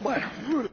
Bueno.